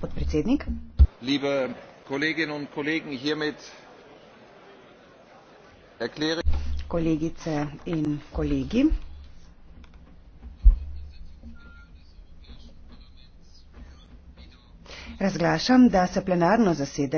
gospod predsednik. Kolegice in kolegi. Razglašam, da se plenarno zasedanje